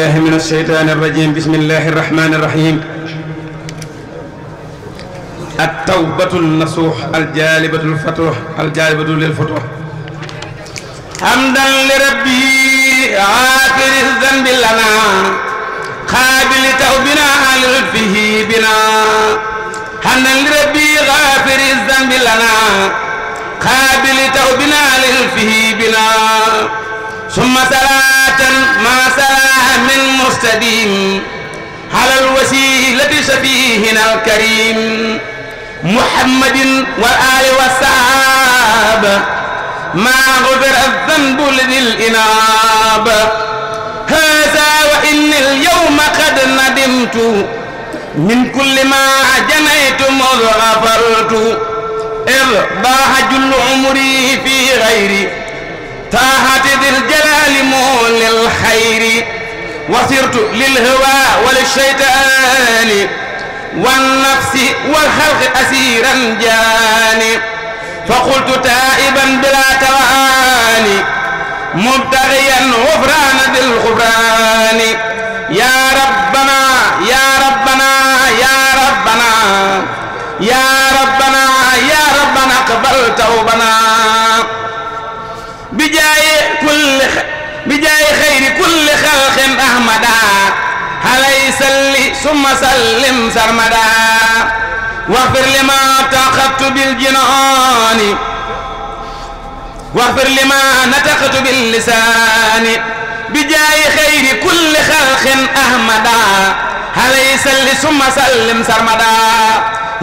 بالله من الشيطان الرجيم بسم الله الرحمن الرحيم التوبة النصوح الجالبة الفتوح الجالبة للفتوح حمدا لربي عاقل الذنب لنا قابل توبنا للفه بنا حمدا لربي غافر الذنب لنا قابل توبنا للفه بنا ثم صلاة ما صلاة من مستديم على الوسيلة سفيهنا الكريم محمد والآل والصحاب ما غفر الذنب لذي الإناب هذا وإن اليوم قد ندمت من كل ما جنيت مذ غفرت إذ ضاع جل عمري في غيري طاعة ذي الجلال مول الخير wasirtu lil hawa wal shaytaani wan nafsi wal xalqi asiran jaani fa qultu taiban bila tawaani mubtaxiyan xufraana dil xufraani yaa rabbana yaa rabbana yaa rabbana yaa rabbana yaa rabbana aqbal tawbana bijaaye kulli bijaaye summa sallim sarmada waxfir lima taqatu bil jinaani waxfir lima nataqatu bil lisaani bi jaayi xayri kulli xalqin ahmada halay salli summa sallim sarmada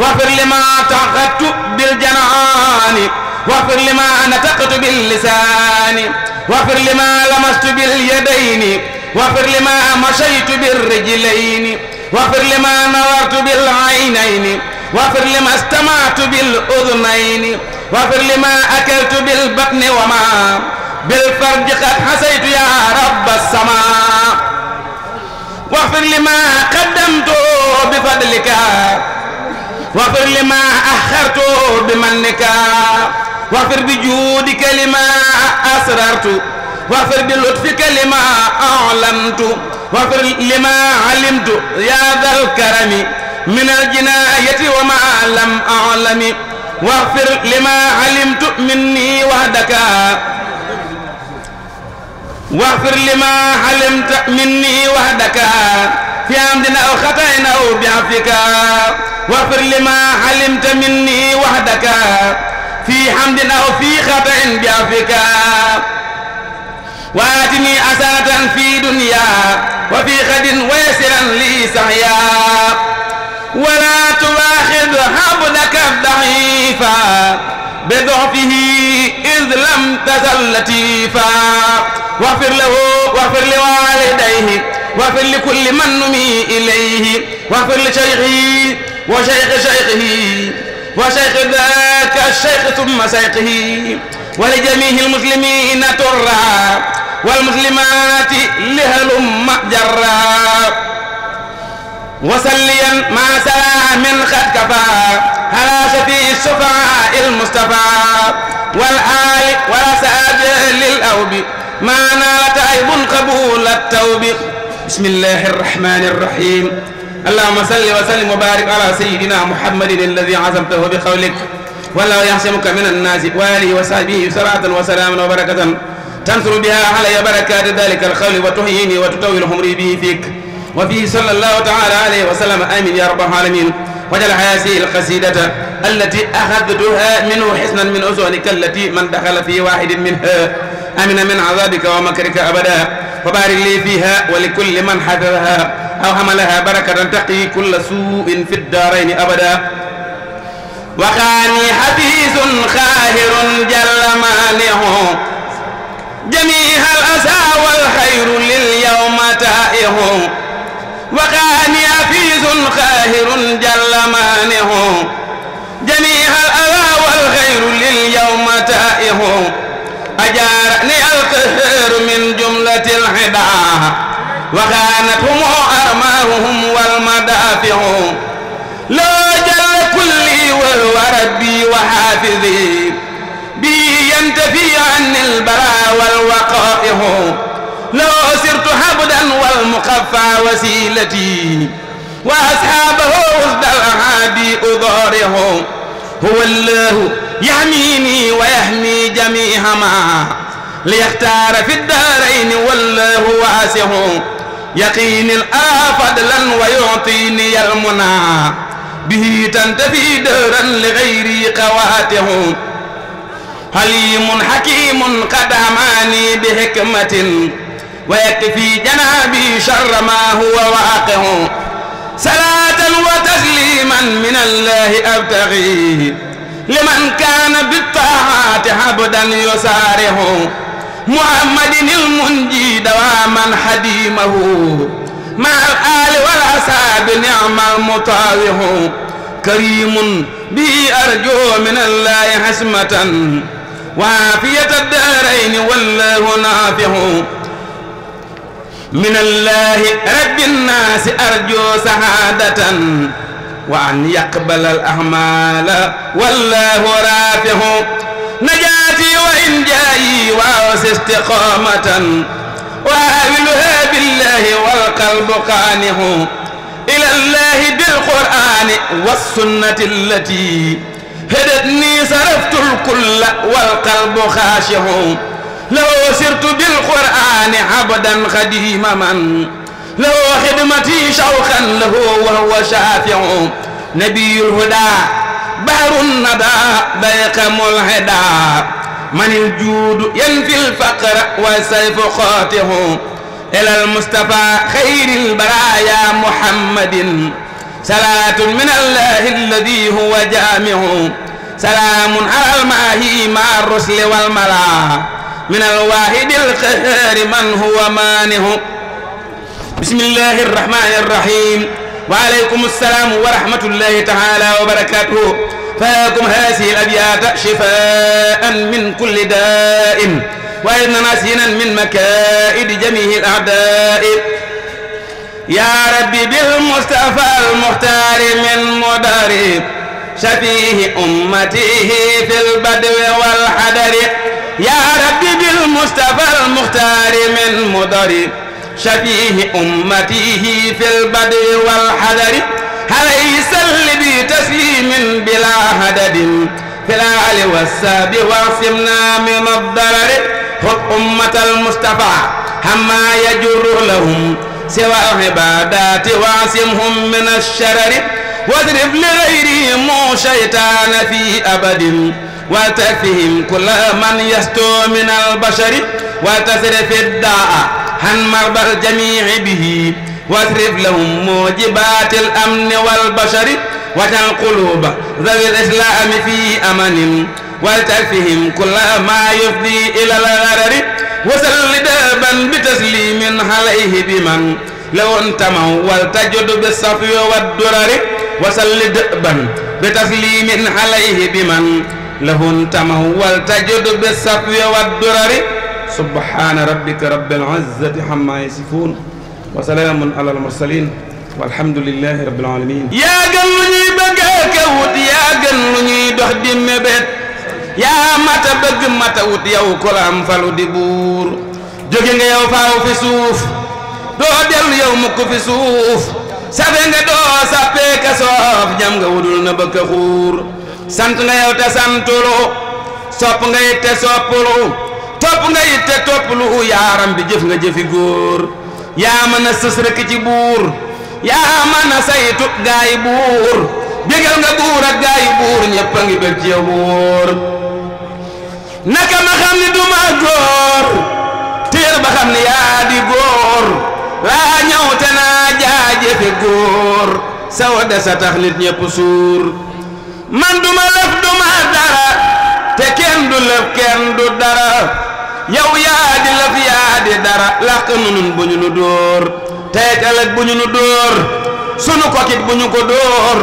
waxfir lima taqatu bil janaani waxfir lima nataqatu bil lisaani waxfir lima lamastu bil yadayni waxfir lima mashaytu bir rijlayni واغفر لما نورت بالعينين واغفر لما استمعت بالأذنين واغفر لما أكلت بالبطن وما بالفرج قد حسيت يا رب السماء واغفر لما قدمت بفضلك واغفر لما أخرت بمنك واغفر بجودك لما أسررت واغفر بلطفك لما أعلنت واغفر لما علمت يا ذا الكرم من الجناية وما لم أعلم واغفر لما علمت مني وحدك واغفر لما علمت مني وحدك في عمدنا أو خطأنا أو بعفك واغفر لما علمت مني وحدك في حمدنا أو في خطأ بعفك waatini asanatan fi dunya wa fi xadin wa yasiran li saxya wala tuwaxid habdaka daifa bi dofihi id lam tasal latifa waxfir lahu waxfir li walidayhi waxfir li kulli man numi ilayhi waxfir li cheikhi wa cheikhi cheikhhi wa cheikhi daka cheikh summa cheikhhi wa li jamihi almuslimina turra والمسلمات لهلم جرا وسليا ما سلا من قد كفى على شفيع الشفعاء المصطفى والآل ورساد للأوب ما نالت عيب قبول التوب بسم الله الرحمن الرحيم اللهم صل وسلم وبارك على سيدنا محمد الذي عزمته بقولك ولا يعصمك من الناس وآله وصحبه صلاة وسلام وبركة tansuru biha alayya barakati dalika alxawli wa tuhyini wa tutawil humri bi fiik wa fihi sallallahu taala alayhi wa sallam amin ya rabbal alamin wajal haasi alqasidata allati axadtuha minhu xisnan min usunika allati man daxala fi waxidin minha amina min azabika wa makrika abada wa barik li fiha wa likulli man xadaraha aw xamalaha barakatan taqi kulla suin fi ddaaraini abada waxaani xafiisun xaahirun jalla maanihu جميع الأسى والخير لليوم تائه وقاني عفيز قاهر جل مانه جميع الأذى والخير لليوم تائه أجارني القهر من جملة الحدا وخانتهم أرماهم والمدافع لو جل كلي وهو ربي وحافظي به ينتفي عني البلاء والوقائح لو سرت حبدا والمخفى وسيلتي وأصحابه وفد الأعادي أضاره هو الله يحميني ويحمي جميع ما ليختار في الدارين والله واسع يقيني الآ فضلا ويعطيني المنى به تنتفي دارا لغيري قواته xalimun xakimun qad amaani bi xikmatin wa yakfi janaabi sharra maa huwa waaqi'u salaatan wa tasliman min allahi abtaxi liman kaana bittaaati abdan yusaarihu muhammadin ilmunji dawaaman xadiimahu maa al aali wal asaabi nicmal mutaawihu kariimun bi arjuu min allahi xismatan وعافية الدارين والله نافع من الله رب الناس أرجو سعادة وأن يقبل الأعمال والله رافع نجاتي وإن جاي وأوس استقامة وأهلها بالله والقلب قانه إلى الله بالقرآن والسنة التي هدتني صرفت الكل والقلب خاشع لو سرت بالقرآن عبدا خديما من له خدمتي شوقا له وهو شافع نبي الهدى بحر الندى بيق ملحدا من الجود ينفي الفقر والسيف قاطع إلى المصطفى خير البرايا محمد salaatun min allahi alladi huwa jaamiu salaamun ala almaahi ma rusli wal malaa min alwaahidi alqahaari man huwa maanihu bismillahi arrahmani arrahim wa alaykum assalaam wa rahmatullahi taala wa barakatuhu faakum haasihi al-abyaata shifaa'an min kulli daa'in wa naasinan min makaa'idi jamiihi al-a'daa'i yaa rabbi bil mustafa المختار من مدر شفيه أمته في البدو والحدر يا رب بالمصطفى المختار من مدر شفيه أمته في البدو والحدر عليه سل بتسليم بلا هدد في الآل والساب واعصمنا من الضرر خذ أمة المصطفى هما يجر لهم سوى عبادات واسمهم من الشرر واضرب لغيرهم شيطان في أبد وتكفهم كل من يستو من البشر وتصرف الداء عن مرضى الجميع به واصرف لهم موجبات الأمن والبشر وجعل قلوب ذوي الإسلام في أمن ولتكفهم كل ما يفضي إلى الغرر wasal lidaaban bi taslimin alayhi bi man law antamaw wal tajud bi safwi wad durari wasal lidaaban bi taslimin alayhi bi man law antamaw wal tajud bi safwi wad durari subhaana rabbika rabbil izzati amma yasifun wa salaamun alal mursalin walhamdulillahi rabbil alamin yaa gën lu ñuy bëgg mata bëgg mata wut yow ku la falu di buur jóge nga yow faaw fi suuf doo dellu yow mukk fi suuf safe nga doo sappee ka soof ñam nga wudul na bëgg a xuur sant nga yow te santulu sopp nga it te soppulu topp nga it te toppulu yaaram bi jëf nga jëfi góor yaa mën a sës rek ci buur yaa mën a saytu gaay buur bégal nga buur ak gaay buur ñëpp ngi bëgg ci yow naka ma xam ni duma góor téer ba xam ni yaa di góor laa ñëw te naa jaajëfe góor sawa desa tax nit ñépp suur man duma lëf duma dara te kenn du lëf kenn du dara yow yaa di lëf yaa di dara làq nunun bu ñu nu dóor tey ëllëg bu ñu nu dóor sunu kokit bu ñu ko dóor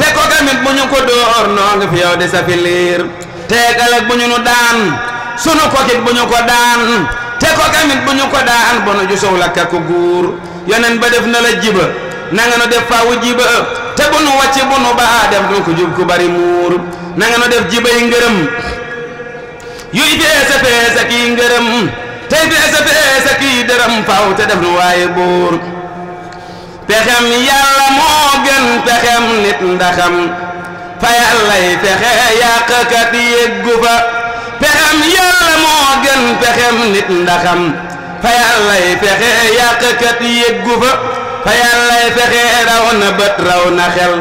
te kokamit bu ñu ko dóor noo ngi fi yow di sa fi teegalag bu ñu nu daan sunu kokit bu ñu ko daan te ko kamit bu ñu ko daan bo nu jusow la kakku guur yonen ba def na la jiba nanga nu def faawu jiba te bu nu wàcc bu nu baa def nu ko jub ku bari muur nanga nu def jiba yi ngërëm yuy feesa feesa kii ngërëm tey feesa feesa kii dërëm faaw te def nu waaye buur pexem yàlla moo gën pexem nit ndaxam fa yàllay fexe yàqkat yéggu fa pexem yàlla moo gën pexem nit ndaxam fa yàllay fexe yàqkat yéggu fa fa yàllay fexe raw na bët raw na xel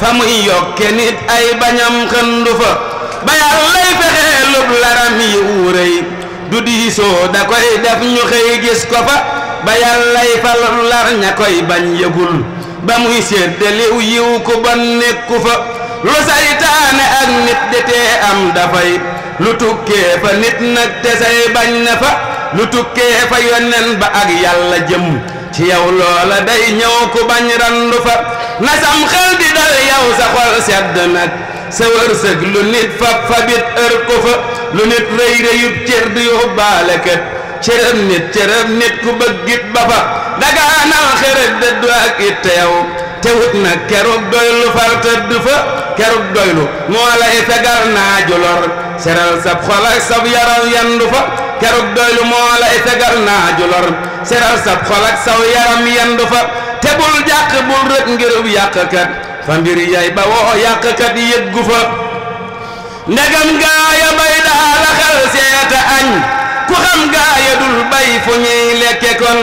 fa muy yokke nit ay bañam xëndu fa ba yàllay fexe lub laram yi wuuréy du diisoo da koy def ñu xëy gis ko fa ba yàllay fal lar ña koy bañ yëgul ba muy séddaliw yiw ku ban nekku fa lu saytaane ak nit di tee am dafay lu tukkee fa nit nag te say bañ na fa lu tukkee fa yonen ba ak yàlla jëm ci yow loola day ñëw ku bañ randu fa na xel di dal yow sa xol sedd nag sa wërsëg lu nit fab fa ër ko fa lu nit rëy cër di yóbbaale kët cërëb nit cërëb nit ku bëggit ba fa dagaanal xërëg dëddu ak it te yow te wut nag keroog doy lu far tëdd fa kerug doylu moo lay fegal naaju lor seral sab xol sab yaram yendu fa kerug doylu moo lay fegal naaju lor seral sab xol saw yaram yendu fa te bul jàq bul rëkk ngirub fa mbir yay ba woo yàqkat yëggu fa ndegam gaaya bay daa laxal seeta añ ku xam gaaya dul bay fu ñuy lekke kon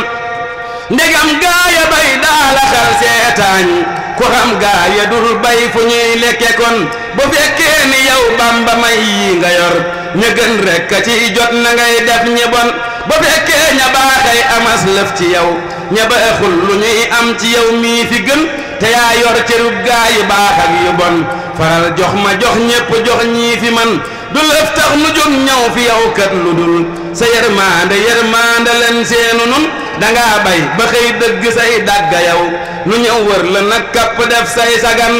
ndegam gaaya bay daa laxal seeta añ ku xam gaa ya dul bay fu ñuy lekke kon bu fekkee ni yow bamba may yi nga yor ña gën rek a ciy jot na ngay def ñi bon bu fekkee ña baaxay amas lëf ci yow ña baaxul lu ñuy am ci yow mii fi gën te yaa yor cërub gaa yu baax yu bon faral jox ma jox ñépp jox ñii fi man du lëf tax nu jóg ñëw fi yow kat lu dul sa yërmaande yërmaande leen seenu nun danga bay ba xëy dëgg say dàgga yow lu ñëw wër la nag kapp def say sagan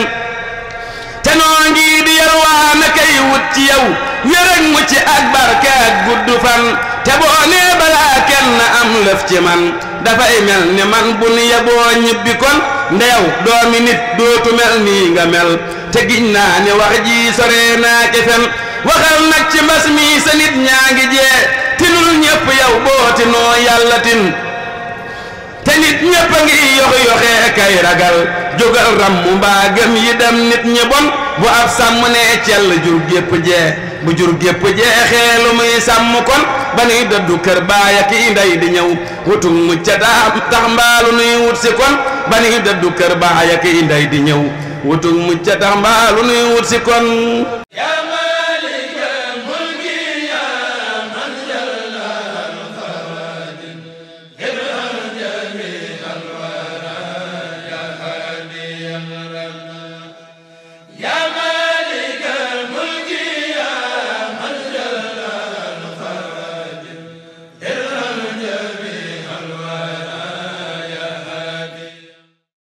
te noo ngi di yalwaa na kay wut ci yow wér ak mucc ak barke ak gudd fan te boo nee balaa kenn am lëf ci man dafay mel ni man bu nu yeboo ñibbi kon ndeew doomi nit dootu mel nii nga mel te giñ naa ne wax jii sore fen waxal nag ci mbas mi sa nit ñaa ngi jee tinul ñépp yow booti noo yàlla tin kay ragal jógal rammu mbaagam yi dem nit ñi bon bu ab sàmm ne cell jur gépp jeexee lu muy sàmm kon ba nuy dëddu kër baaya ki ndey di ñëw wutum mucca daam tax mbaalu nuy wut si kon ba nuy dëddu kër baaya ki ndey di ñëw wutum mucca tax mbaalu nuy wut kon